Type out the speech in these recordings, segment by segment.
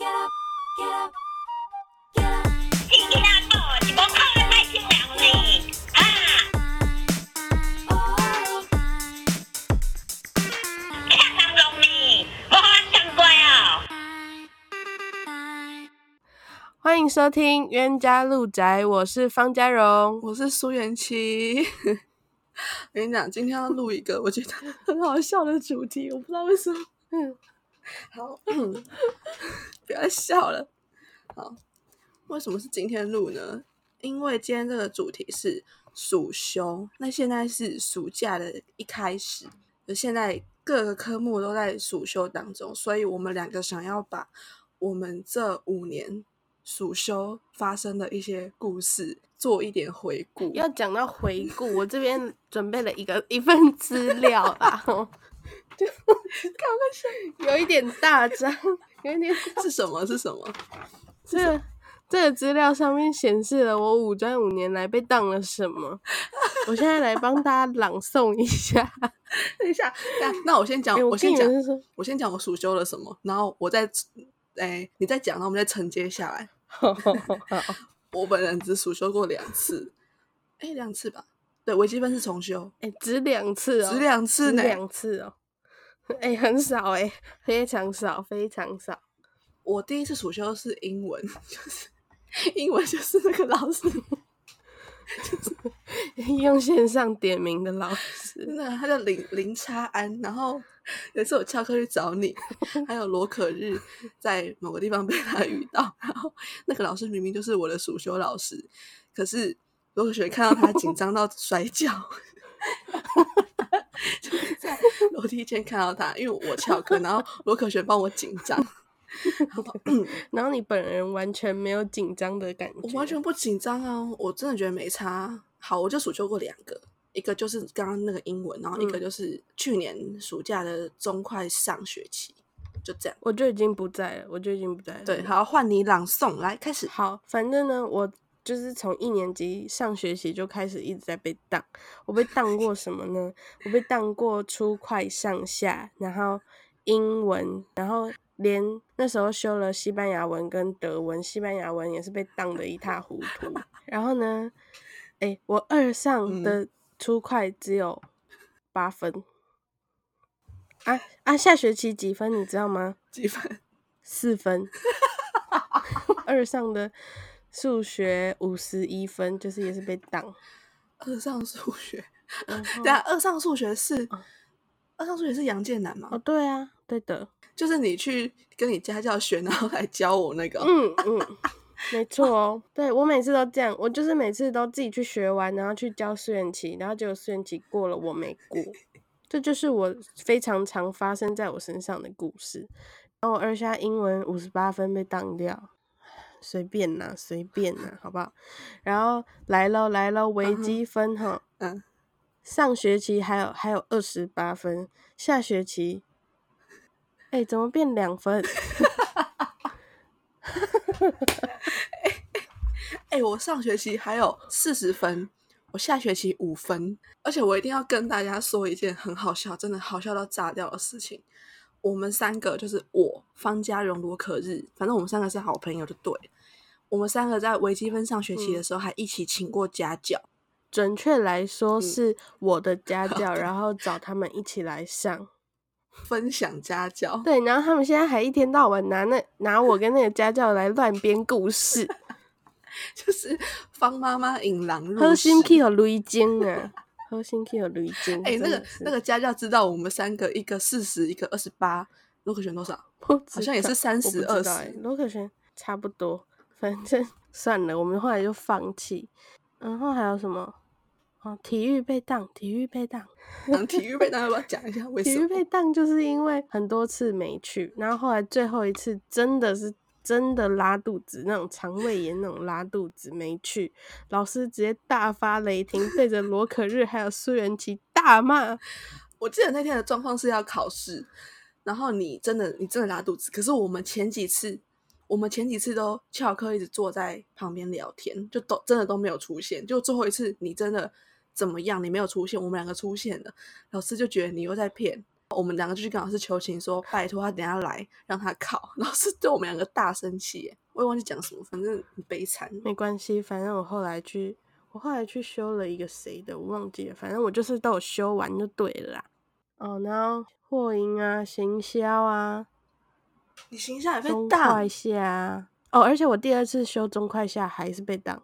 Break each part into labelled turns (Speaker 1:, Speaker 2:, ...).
Speaker 1: 聽、聽,、啊、聽歡迎收聽《湲家路窄》，我是放假榮，我是蘇湲淇。我跟你講，今天要錄一個我覺得很好笑的主題，我不知道為什麼。 好。 不要笑了，好，為什麼是今天錄呢？因為今天這個主題是暑修，那現在是暑假的一開始，現在各個科目都在暑修當中，所以我們兩個想要把我們這五年暑修發生的一些故事做一點回顧。要講到回顧，我這邊準備了一個 一份資料啊，就剛一下，有一點大張。 今你 是,是什麼？是什麼？這這個資料上面顯示了我五專五年來被當了什麼？ 我現在來幫大家朗誦一下。 等一下，那、啊、那我先講、欸，我先講，我先講我暑修了什麼，然後我再，哎、欸，你再講，然後我們再承接下來。 好好我本人只暑修過兩次，哎、欸，兩次吧？對，微積分是重修，哎、欸，只兩次哦，只兩次呢，兩次哦。哎、欸，很少哎、欸，非常少，非常少。我第一次暑修是英文，就是英文就是那個老師， 就是 用線上點名的老師，那他叫林林差安。然後有一次我翹課去找你，還有羅可日在某個地方被他遇到， 然後那個老師明明就是我的暑修老師，可是羅可日看到他緊張到摔跤。 就在樓梯間看到他，因為我翹課，然後羅可日幫我緊張。 好 然後你本人完全沒有緊張的感覺，我完全不緊張啊！我真的覺得沒差。好，我就暑修過兩個，一個就是剛剛那個英文，然後一個就是去年暑假的中會上學期。嗯、就這樣，我就已經不在了，我就已經不在了。 對，好，換你朗誦，來開始。好，反正呢，我。就是從一年級上學期就開始一直在被當，我被當過什麼呢？我被當過初快上下，然後英文，然後連那時候修了西班牙文跟德文，西班牙文也是被當的一塌糊塗。然後呢，哎、欸，我二上的初快只有八分，啊啊，下學期幾分你知道嗎？幾分？四分。二上的。數學五十一分，就是也是被當。二上數學，對啊，二上數學是、嗯、二上數學是楊建南嗎？哦，對啊，對的，就是你去跟你家教學，然後來教我那個。嗯嗯，沒錯哦， 對我每次都這樣，我就是每次都自己去學完，然後去教蘇湲淇，然後結果蘇湲淇過了，我沒過， 這就是我非常常發生在我身上的故事。然後我二下英文五十八分被當掉。隨便啦，隨便啦，好不好？然後來囉來囉，微積分哈、嗯，嗯，上學期還有還有二十八分，下學期，哎、欸，怎麼變兩分？哈哈哈哈哈哈！哎，哎，我上學期還有四十分，我下學期五分，而且我一定要跟大家說一件很好笑，真的好笑到炸掉的事情。我們三個就是我、放假榮羅可日，反正我們三個是好朋友，就對。我們三個在微積分上學期的時候還一起請過家教，嗯、準確來說是我的家教，嗯、然後找他們一起來上分享家教。對，然後他們現在還一天到晚拿那、拿我跟那個家教來亂編故事， 就是方媽媽引狼入室，都心 核心課旅金，哎、欸，那個那個家教知道我們三個，一個四十，一個二十八，洛克選多少？
Speaker 2: 好像也是三十二十，羅
Speaker 1: 可選差不多，反正 算了，我們後來就放棄。然後還有什麼？哦、啊，體育被當，體育被當、啊，體育被當 要不要講一下？為什麼？體育被當就是因為很多次沒去，然後後來最後一次真的是。真的拉肚子，那種腸胃炎那種拉肚子沒去，老師直接大發雷霆，對着羅可日還有蘇湲淇大罵。 我記得那天的狀況是要考試，然後你真的你真的拉肚子，可是我們前幾次我們前幾次都翹課一直坐在旁邊聊天，就都真的都沒有出現。就最後一次你真的怎麼樣，你沒有出現，我們兩個出現了，老師就覺得你又在騙。我們兩個就去跟老師求情說，說拜托他等下來讓他考。老師對我們兩個大生氣，我也忘記講什麼，反正很悲慘。沒關係，反正我後來去，我後來去修了一個誰的，我忘記了。反正我就是都有修完就對了啦。哦，然後貨銀啊，行銷啊，你行銷也被擋。中快下啊。哦、oh，而且我第二次修中快下還是被擋。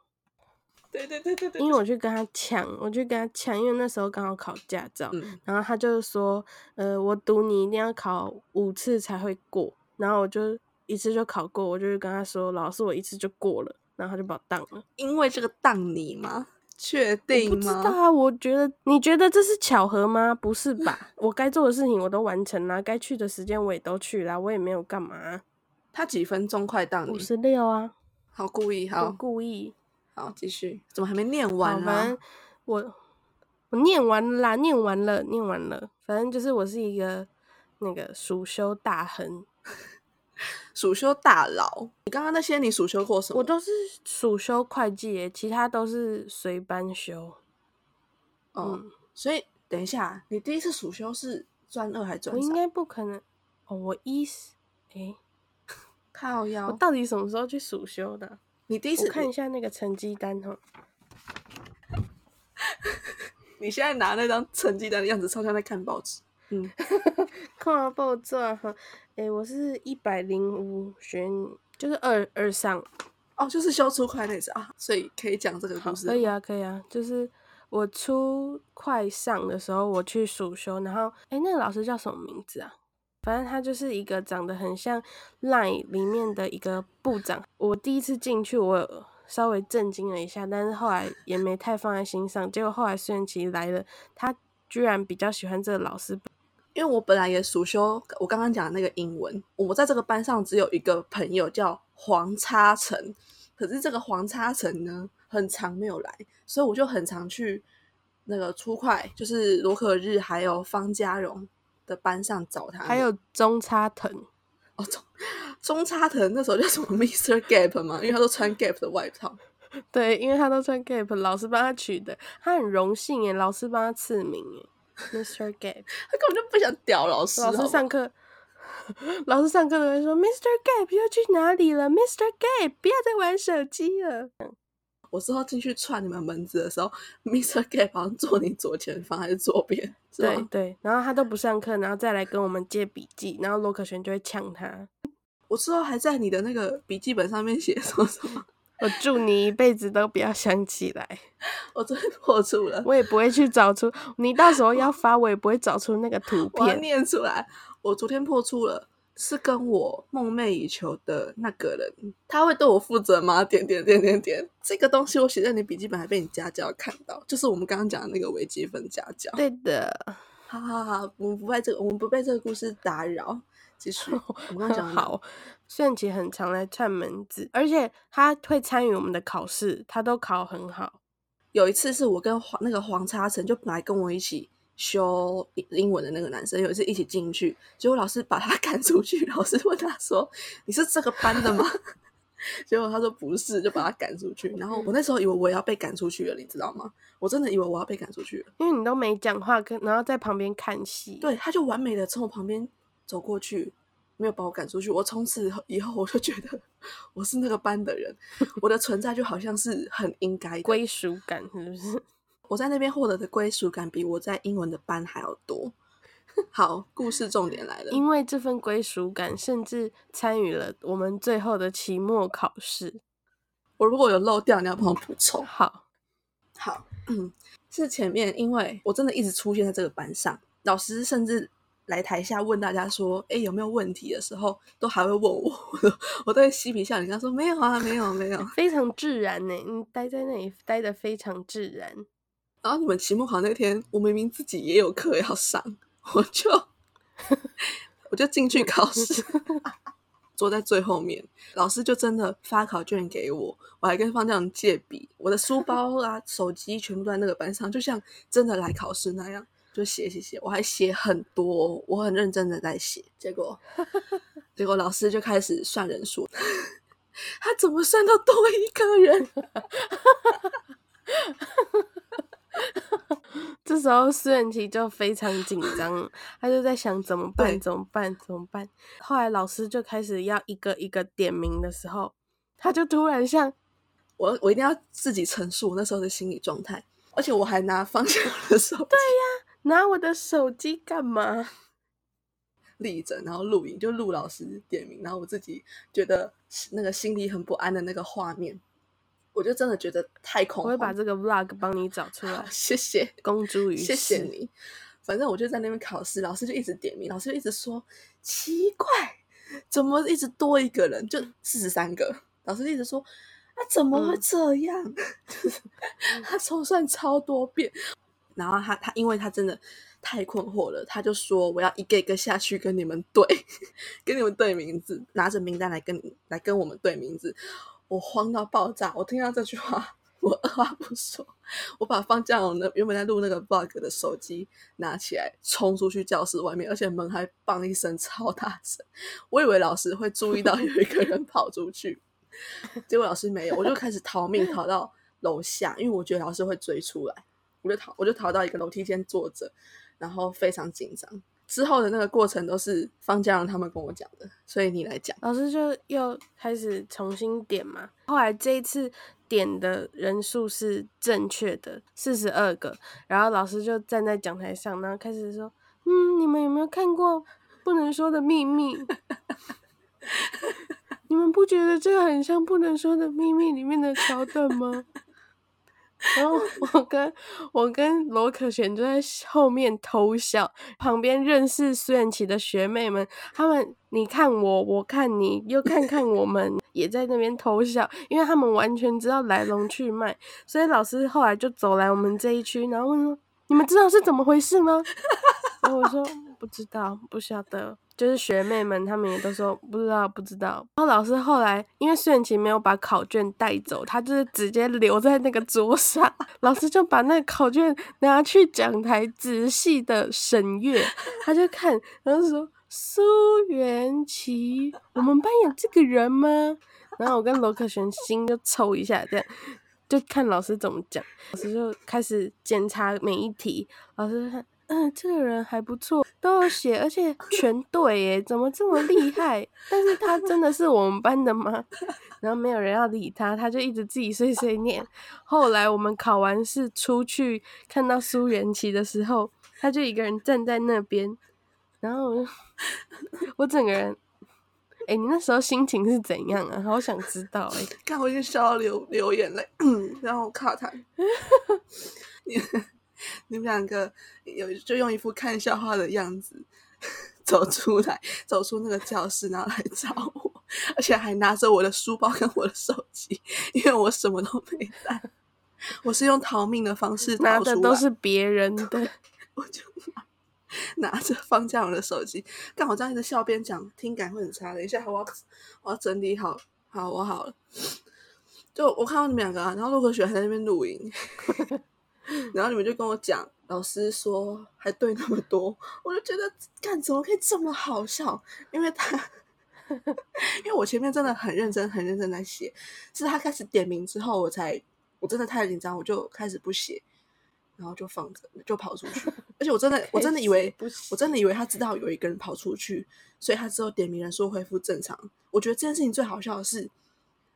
Speaker 1: 對對對對對，對！因為我去跟他搶，我去跟他搶，因為那時候剛好考駕照，嗯、然後他就說，呃，我賭你一定要考五次才會過，然後我就一次就考過，我就跟他說，老師，我一次就過了，然後他就把我當了。因為這個當你嗎？確定嗎？不知道啊，我覺得你覺得這是巧合嗎？不是吧？ 我該做的事情我都完成了，該去的時間我也都去了，我也沒有幹嘛、啊。他幾分鐘快當你？五十六啊。好，故意好。故意。好，繼續。怎麼還沒念完啦，啊？反正我我念完啦，念完了，念完了。反正就是我是一個那個暑修大亨，暑修大佬。你剛剛那些你暑修過什麼？我都是暑修會計，其他都是隨班修。Oh, 嗯，所以等一下，你第一次暑修是專二還是專？我應該不可能。哦，oh，我一，誒，靠腰，我到底什麼時候去暑修的？你第一次看一下那個成績單哈、欸，你現在拿那張成績單的樣子，超像在看報紙。嗯， 看報紙哈。誒、欸，我是一百零五學，就是二二上，哦，就是修出快初會那次啊，所以可以講這個故事。可以啊，可以啊，就是我初快初會上的時候，我去暑修，然後誒、欸，那個老師叫什麼名字啊？反正他就是一個長得很像 LINE 裡面的一個部長。我第一次進去，我稍微震驚了一下，但是後來也沒太放在心上。結果後來蘇湲淇來了，他居然比較喜歡這個老師。因為我本來也暑修我剛剛講的那個英文，我在這個班上只有一個朋友叫黃差成，可是這個黃差成呢，很常沒有來，所以我就很常去那個初會，就是羅可日還有放假榮。的班上找他，還有中差藤，哦，中中差藤那時候叫什麼 Mr. Gap 嘛？因為他都穿 Gap 的外套， 對，因為他都穿 Gap，老師幫他取的，他很榮幸耶，老師幫他賜名耶，Mr. Gap，他根本就不想屌老師，老師上課，老師上課都會說 Mr. Gap 要去哪裡了？Mr. Gap 不要再玩手機了。我之後進去串你們門子的時候，Mr. G 房坐你左前方還是左邊？對對，然後他都不上課，然後再來跟我們借筆記，然後羅可旋就會嗆他。我之後還在你的那個筆記本上面寫說什,什麼？我祝你一輩子都不要想起來。 我昨天破處了，我也不會去找出你到時候要發，我也不會找出那個圖片。我念出來，我昨天破處了。是跟我夢寐以求的那個人，他會對我負責嗎？點點點點點，這個東西我寫在你筆記本，還被你家教看到，就是我們剛剛講的那個微積分家教。對的，好好好，我們不被這個，我們不被這個故事打擾。結束，我們剛講好。好，湲淇很常來串門子，而且他會參與我們的考試，他都考很好。有一次是我跟黃那個黃嘉誠，那個、叉成就本來跟我一起修英文的那個男生有一次一起進去，結果老師把他趕出去。老師問他說：“你是這個班的嗎？” 結果他說：“不是。”就把他趕出去。然後我那時候以為我要被趕出去了，你知道嗎？我真的以為我要被趕出去了，因為你都沒講話，然後在旁邊看戲。對，他就完美的從我旁邊走過去，沒有把我趕出去。我從此以後我就覺得我是那個班的人， 我的存在就好像是很應該的。歸屬感，是不是？我在那邊獲得的歸屬感比我在英文的班還要多。 好，故事重點來了，因為這份歸屬感，甚至參與了我們最後的期末考試。我如果有漏掉，你要幫我補充。好，好，嗯，是前面因為我真的一直出現在這個班上，老師甚至來台下問大家說：“哎，有沒有問題？”的時候，都還會問我， 我都會嬉皮笑臉跟他說：“沒有啊，沒有，沒有。”非常自然呢，欸，你待在那裡待得非常自然。然後你們期末考那天，我明明自己也有課要上，我就我就進去考試，坐在最後面。老師就真的發考卷給我，我還跟放假榮借筆。我的書包啊、手機全部都在那個班上，就像真的來考試那樣，就寫寫寫。我還寫很多，我很認真的在寫。結果結果老師就開始算人數，他怎麼算都多一個人啊？ 這時候，蘇湲淇就非常緊張， 他就在想怎麼辦？怎麼辦？怎麼辦？後來老師就開始要一個一個點名的時候，他就突然想我，我一定要自己陳述我那時候的心理狀態，而且我還拿放假榮的手機，對呀、啊，拿我的手機幹嘛？ 立着，然後錄影，就錄老師點名，然後我自己覺得那個心裡很不安的那個畫面。我就真的覺得太恐怖了。我會把這個 vlog 幫你找出來，謝謝。公諸於世，謝謝你。反正我就在那邊考試，老師就一直點名，老師就一直說奇怪，怎麼一直多一個人？就四十三個，老師就一直說啊，怎麼會這樣？嗯、 他重算超多遍，然後他他，因為他真的太困惑了，他就說我要一個一個下去跟你們對，跟你們對名字，拿着名單來跟來跟我們對名字。我慌到爆炸！我聽到這句話，我二話不說，我把放假榮原本在錄那個 bug 的手機拿起來，衝出去教室外面，而且門還砰一聲超大聲。我以為老師會注意到有一個人跑出去， 結果老師沒有，我就開始逃命，逃到樓下，因為我覺得老師會追出來，我就逃，我就逃到一個樓梯間坐着，然後非常緊張。之後的那個過程都是放假榮他們跟我講的，所以你來講。老師就又開始重新點嘛，後來這一次點的人數是正確的，四十二個。然後老師就站在講台上，然後開始說：“嗯，你們有沒有看過《不能說的秘密？》 你們不覺得這個很像《不能說的秘密》裡面的橋段嗎？”然 後我跟我跟羅可璇就在後面偷笑，旁邊認識蘇湲淇的學妹們，他們你看我，我看你，又看看我們，也在那邊偷笑，因為他們完全知道來龍去脈，所以老師後來就走來我們這一區，然後問說：“你們知道是怎麼回事嗎？”然後我說：“不知道，不曉得。”就是學妹們，她們也都說不知道，不知道。然後老師後來，因為蘇湲淇沒有把考卷帶走，他就是直接留在那個桌上。老師就把那個考卷拿去講台仔細，仔細的審閱。他就看，然後說：“蘇湲淇，我們班有這個人嗎？”然後我跟羅可璇心就抽一下，這樣就看老師怎麼講。老師就開始檢查每一題。老師就看。嗯，這個人還不錯，都有寫，而且全對耶，怎麼這麼厲害？但是他真的是我們班的嗎？然後沒有人要理他，他就一直自己碎碎念。後來我們考完試出去看到蘇湲淇的時候，他就一個人站在那邊，然後我，我整個人，哎，你那時候心情是怎樣啊？好想知道哎！看我笑，就笑流流眼淚，然後我看他。 你們兩個有就用一副看笑話的樣子走出來，走出那個教室，然後來找我，而且還拿着我的書包跟我的手機，因為我什麼都沒帶，我是用逃命的方式，大家拿的都是別人的，我就拿着放假榮的手機，剛好這樣一直笑邊講，聽感會很差。等一下我要，我要整理好，好，我好了。就我看到你們兩個啊，然後羅可日還在那邊錄音。 然後你們就跟我講，老師說還對那麼多，我就覺得幹怎麼可以這麼好笑？因為他因為我前面真的很認真很認真在寫，是他開始點名之後，我才我真的太緊張，我就開始不寫，然後就放就跑出去，而且我真的我真的以為以寫不寫我真的以為他知道有一個人跑出去，所以他之後點名人數恢復正常。我覺得這件事情最好笑的是，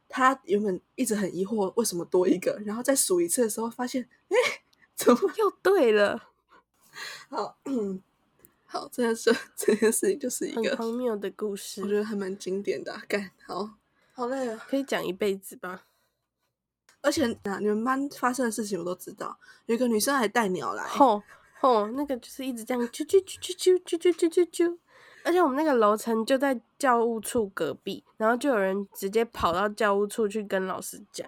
Speaker 1: 他原本一直很疑惑為什麼多一個，然後再數一次的時候發現，哎、欸。怎麼又對了，好，好，這件事，這件事情就是一個荒謬的故事，我覺得還蠻經典的、啊。幹，好好累了、啊，可以講一輩子吧。而且啊，你們班發生的事情我都知道，有一個女生還帶鳥來，吼吼，那個就是一直這樣啾啾啾啾啾啾啾啾啾、啾、啾、啾，而且我們那個樓層就在教務處隔壁，然後就有人直接跑到教務處去跟老師講，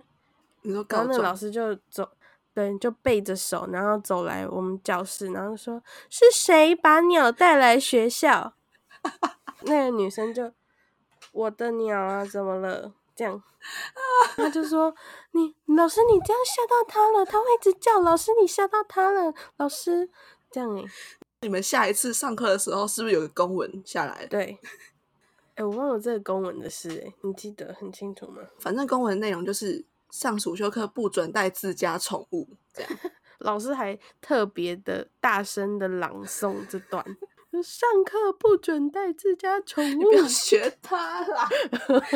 Speaker 1: 然後那個老師就走。對，就背着手，然後走來我們教室，然後說：“是誰把鳥帶來學校？” 那個女生就：“我的鳥啊，怎麼了？”這樣，她 就說：“你老師，你這樣嚇到她了，她會一直叫。老師，你嚇到她了，老師。”這樣，哎、欸，你們下一次上課的時候是不是有個公文下來？對，哎、欸，我忘了這個公文的事。哎、欸，你記得很清楚嗎？反正公文內容就是。上暑修課不准帶自家寵物，這樣。老師還特別的大聲的朗誦這段： 上課不准帶自家寵物。你不要學他啦！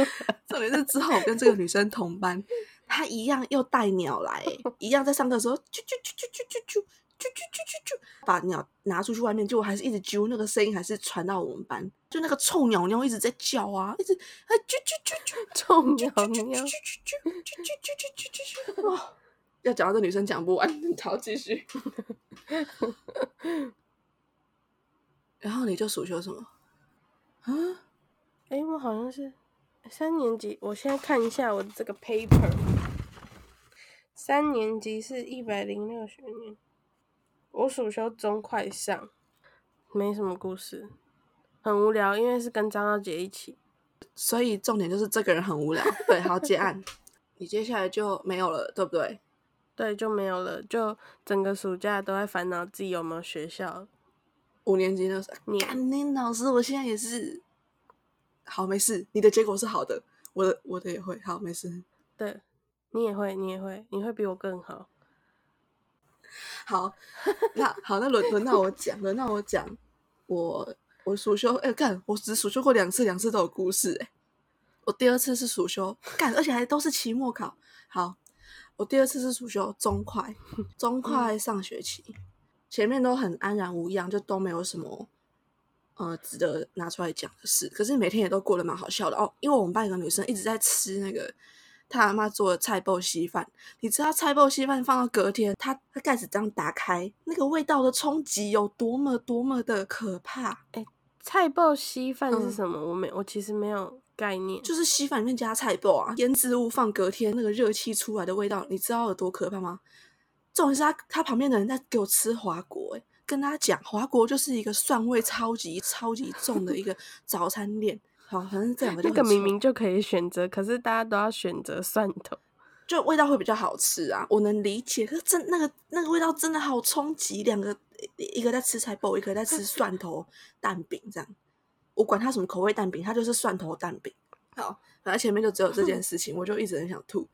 Speaker 1: 重點是之後跟這個女生同班，她 一樣又帶鳥來， 一樣在上課的時候啾啾啾啾啾啾啾。啾啾啾啾啾，把鳥拿出去外面，就我還是一直啾，那個聲音還是傳到我們班，就那個臭鳥鳥一直在叫啊，一直啊啾啾啾啾，臭鳥鳥啾啾啾啾啾啾啾啾，哇！要講到這女生講不完，你繼續。 然後你就暑修什麼？啊？哎、欸，我好像是三年級，我現在看一下我的這個 paper，三年級是一百零六學年。我暑修中會上，沒什麼故事，很無聊，因為是跟張昭杰一起，所以重點就是這個人很無聊。 對，好結案，你接下來就沒有了，對不對？對，就沒有了，就整個暑假都在煩惱自己有沒有學校。五年級的、就是，時候，你老師，我現在也是。好，沒事，你的結果是好的，我的我的也會，好沒事。對，你也會，你也會，你會比我更好。好，那好，那輪輪到我講，輪到我講，我我暑修哎幹、欸，我只暑修過兩次，兩次都有故事哎、欸，我第二次是暑修干，而且還都是期末考。好，我第二次是暑修中會，中會上學期、嗯，前面都很安然無恙，就都沒有什麼呃值得拿出來講的事，可是每天也都過得蠻好笑的哦，因為我們班一個女生一直在吃那個。他阿媽做的菜脯稀飯，你知道菜脯稀飯放到隔天，他他蓋子這樣打開，那個味道的衝擊有多麼多麼的可怕？哎、欸，菜脯稀飯是什麼、嗯？我沒，我其實沒有概念，就是稀飯裡面加菜脯啊，醃制物放隔天，那個熱氣出來的味道，你知道有多可怕嗎？重點是他他旁邊的人在給我吃華國、欸，哎，跟他講華國就是一個蒜味超級超級重的一個早餐店。 好，反正這樣。那個明明就可以選擇，可是大家都要選擇蒜頭，就味道會比較好吃啊。我能理解，可是真那個那個味道真的好衝擊。兩個，一個在吃菜包，一個在吃蒜頭蛋餅這樣。我管它什麼口味蛋餅，它就是蒜頭蛋餅。好，反正前面就只有這件事情，嗯、我就一直很想吐。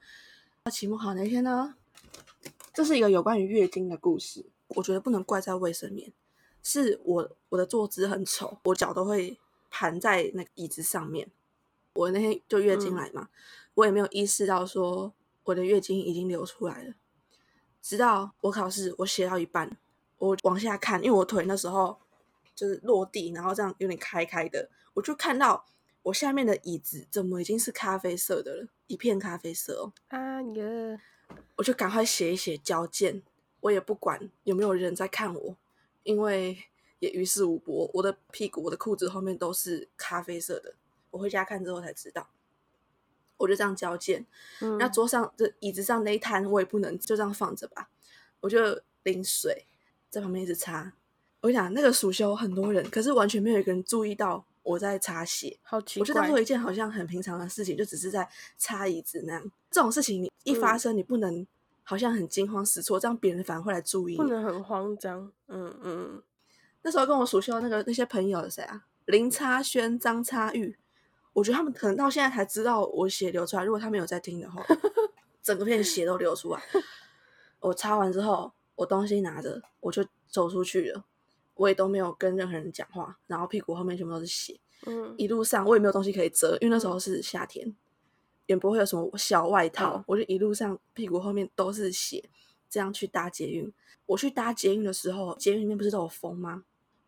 Speaker 1: 那期末考哪天呢？這是一個有關於月經的故事。我覺得不能怪在衛生棉，是我我的坐姿很醜，我腳都會。盤在那個椅子上面，我那天就月經來嘛、嗯，我也沒有意識到說我的月經已經流出來了，直到我考試，我寫到一半，我往下看，因為我腿那時候就是落地，然後這樣有點開開的，我就看到我下面的椅子怎麼已經是咖啡色的了，一片咖啡色哦，啊耶！我就趕快寫一寫交卷，我也不管有沒有人在看我，因為。也於事無補，我的屁股，我的褲子後面都是咖啡色的。我回家看之後才知道，我就這樣交件、嗯。那桌上這椅子上那一攤我也不能就這樣放着吧？我就淋水在旁邊一直擦。我想那個暑修很多人，可是完全沒有一個人注意到我在擦血，好奇怪。我就當做一件好像很平常的事情，就只是在擦椅子那樣。這種事情你一發生，嗯、你不能好像很驚慌失措，這樣別人反而會來注意。不能很慌張。嗯嗯。那時候跟我熟悉的那個那些朋友是誰啊？林差軒、張差玉，我覺得他們可能到現在才知道我血流出來。如果他們有在聽的話，整個片的血都流出來。 我擦完之後，我東西拿着我就走出去了，我也都沒有跟任何人講話。然後屁股後面全部都是血，嗯，一路上我也沒有東西可以遮，因為那時候是夏天，也不會有什麼小外套，嗯、我就一路上屁股後面都是血，這樣去搭捷運。我去搭捷運的時候，捷運裡面不是都有風嗎？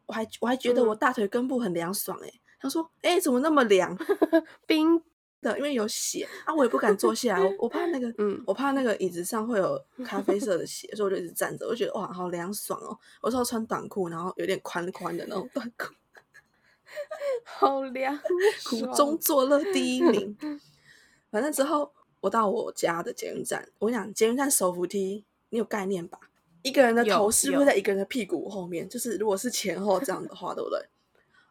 Speaker 1: 我還我還覺得我大腿根部很涼爽誒、欸，他，嗯、說誒、欸，怎麼那麼涼？ 冰的，因為有血啊，我也不敢坐下來， 我我怕那個嗯，我怕那個椅子上會有咖啡色的血，所以我就一直站着，我就覺得哇好涼爽哦，我說要穿短褲，然後有點寬寬的那種短褲，好涼，苦中作樂第一名， 反正之後我到我家的捷運站，我跟你講捷運站手扶梯，你有概念吧？一個人的頭是會在一個人的屁股後面，就是如果是前後這樣的話，對不對？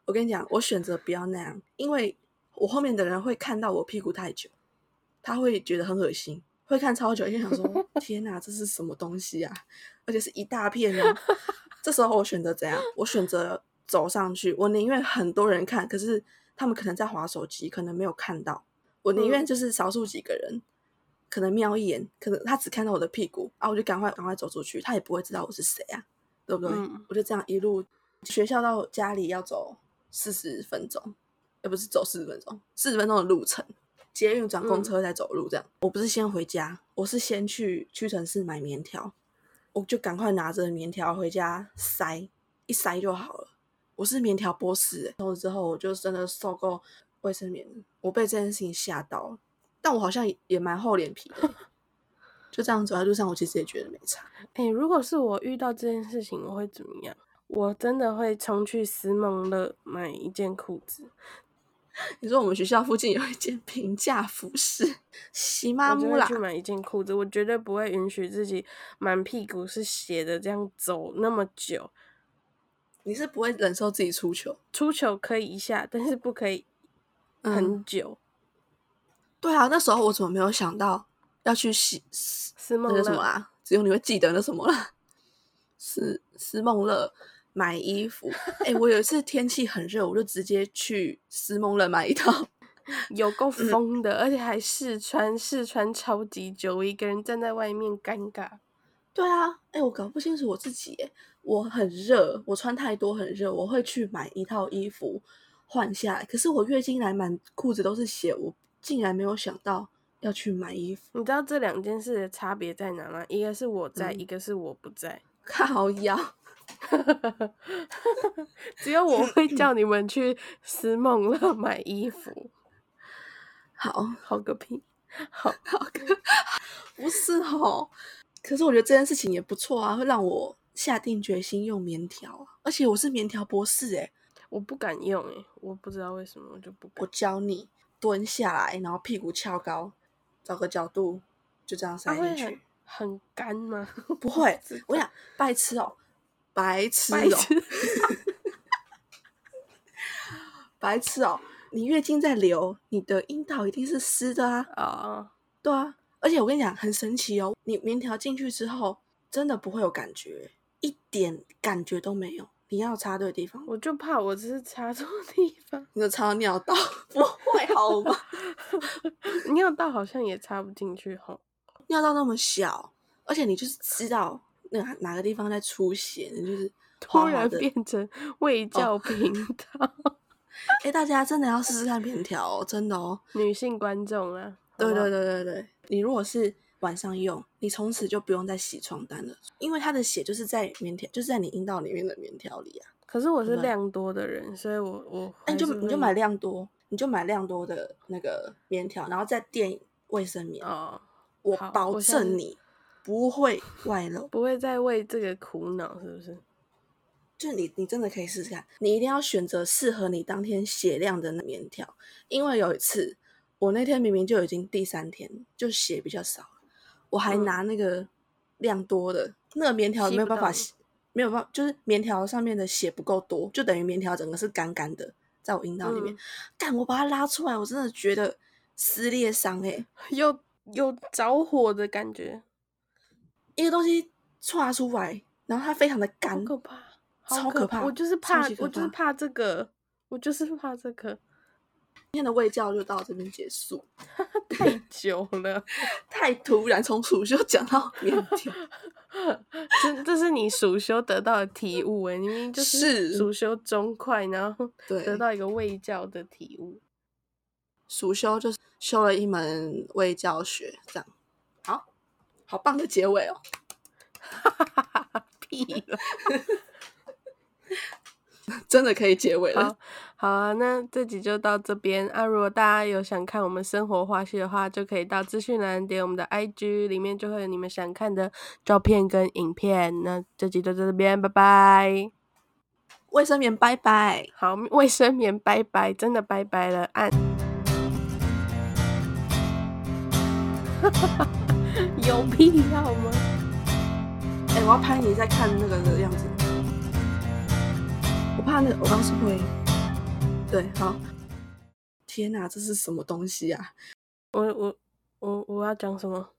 Speaker 1: 我跟你講，我選擇不要那樣，因為我後面的人會看到我屁股太久，他會覺得很噁心，會看超久，因為想說天哪、啊，這是什麼東西啊？而且是一大片人，這時候我選擇怎樣？我選擇走上去，我寧願很多人看，可是他們可能在滑手機，可能沒有看到，我寧願就是少數幾個人。嗯可能瞄一眼，可能他只看到我的屁股啊，我就趕快趕快走出去，他也不會知道我是誰啊，對不對？嗯、我就這樣一路學校到家裡要走四十分鐘，也不是走四十分鐘，四十分鐘的路程，捷運轉公車再走路、嗯、這樣。我不是先回家，我是先去屈臣氏買棉條，我就趕快拿着棉條回家塞一塞就好了。我是棉條博士人，然後之後我就真的受夠衛生棉，我被這件事情嚇到了。但我好像也蠻厚臉皮的， 就這樣走在路上，我其實也覺得沒差。哎、欸，如果是我遇到這件事情，我會怎麼樣？我真的會衝去思夢樂買一件褲子。你說我們學校附近有一件平價服飾，喜馬拉。我就去買一件褲子，我絕對不會允許自己滿屁股是血的這樣走那麼久。你是不會忍受自己出糗，出糗可以一下，但是不可以很久。嗯對啊，那時候我怎麼沒有想到要去洗思夢樂、那個什麼啦、啊？只有你會記得那什麼了？思思夢樂買衣服。哎、 欸，我有一次天氣很熱，我就直接去思夢樂買一套有夠瘋的、嗯，而且還試穿試穿超級久，我一個人站在外面尷尬。對啊，哎、欸，我搞不清楚我自己、欸，我很熱，我穿太多很熱，我會去買一套衣服換下來，可是我月經來滿褲子都是血，我。竟然沒有想到要去買衣服，你知道這兩件事的差別在哪嗎？一個是我在，嗯、一個是我不在。靠腰， 只有我會叫你們去思夢樂買衣服。 好好個屁，好好個， 不是哦。可是我覺得這件事情也不錯啊，會讓我下定決心用棉條啊。而且我是棉條博士哎、欸，我不敢用哎、欸，我不知道為什麼我就不敢。我教你。蹲下來，然後屁股翹高，找個角度，就這樣塞進去。啊、很，很乾嗎？不會，我想白痴哦，白痴哦，白痴， 白痴哦！你月經在流，你的陰道一定是濕的啊啊！Oh. 對啊，而且我跟你講，很神奇哦，你棉條進去之後，真的不會有感覺，一點感覺都沒有。你要插對的地方，我就怕我只是插錯地方，你插尿道，不會好嗎？ 尿道好像也插不進去吼，哦，尿道那麼小，而且你就是知道那個哪個地方在出血，你就是花花突然變成衛教頻道。哎，哦欸，大家真的要試試看棉條，哦，真的哦，女性觀眾啊好好，對對對對對，你如果是。晚上用，你從此就不用再洗床單了，因為他的血就是在棉條，就是、在你陰道裡面的棉條裡啊。可是我是量多的人，嗯、所以我我，哎、欸，你就你就買量多，你就買量多的那個棉條，然後再墊衛生棉、哦，我保證你不會外漏，不會再為這個苦惱，是不是？就你你真的可以試試看，你一定要選擇適合你當天血量的那棉條，因為有一次我那天明明就已經第三天，就血比較少。我還拿那個量多的、嗯，那個棉條沒有辦法洗洗，沒有辦法，就是棉條上面的血不夠多，就等於棉條整個是干干的，在我陰道裡面。但、嗯、我把它拉出來，我真的覺得撕裂傷，誒，有有着火的感覺，一個東西竄出來，然後它非常的乾，好可怕，好可怕，超可怕，我就是怕，怕，我就是怕這個，我就是怕這個。今天的衛教就到這邊結束，太久了， 太突然從，從暑修講到謂教，這這是你暑修得到的體悟哎、欸，明明就是暑修中快，然後得到一個衛教的體悟，暑修就是修了一門衛教學，這樣，好好棒的結尾哦， 屁了， 真的可以結尾了。好、啊、那這集就到這邊啊！如果大家有想看我們生活花絮的話，就可以到資訊欄點我們的 IG，裡面就會有你們想看的照片跟影片。那這集就到這邊，拜拜！衛生棉，拜拜！好，衛生棉，拜拜！真的拜拜了，按。哈哈哈，有必要嗎？哎、欸，我要拍你在看那個的樣子，我怕那個，我剛是會。對，好。天哪，這是什麼東西啊？我我我我要講什麼？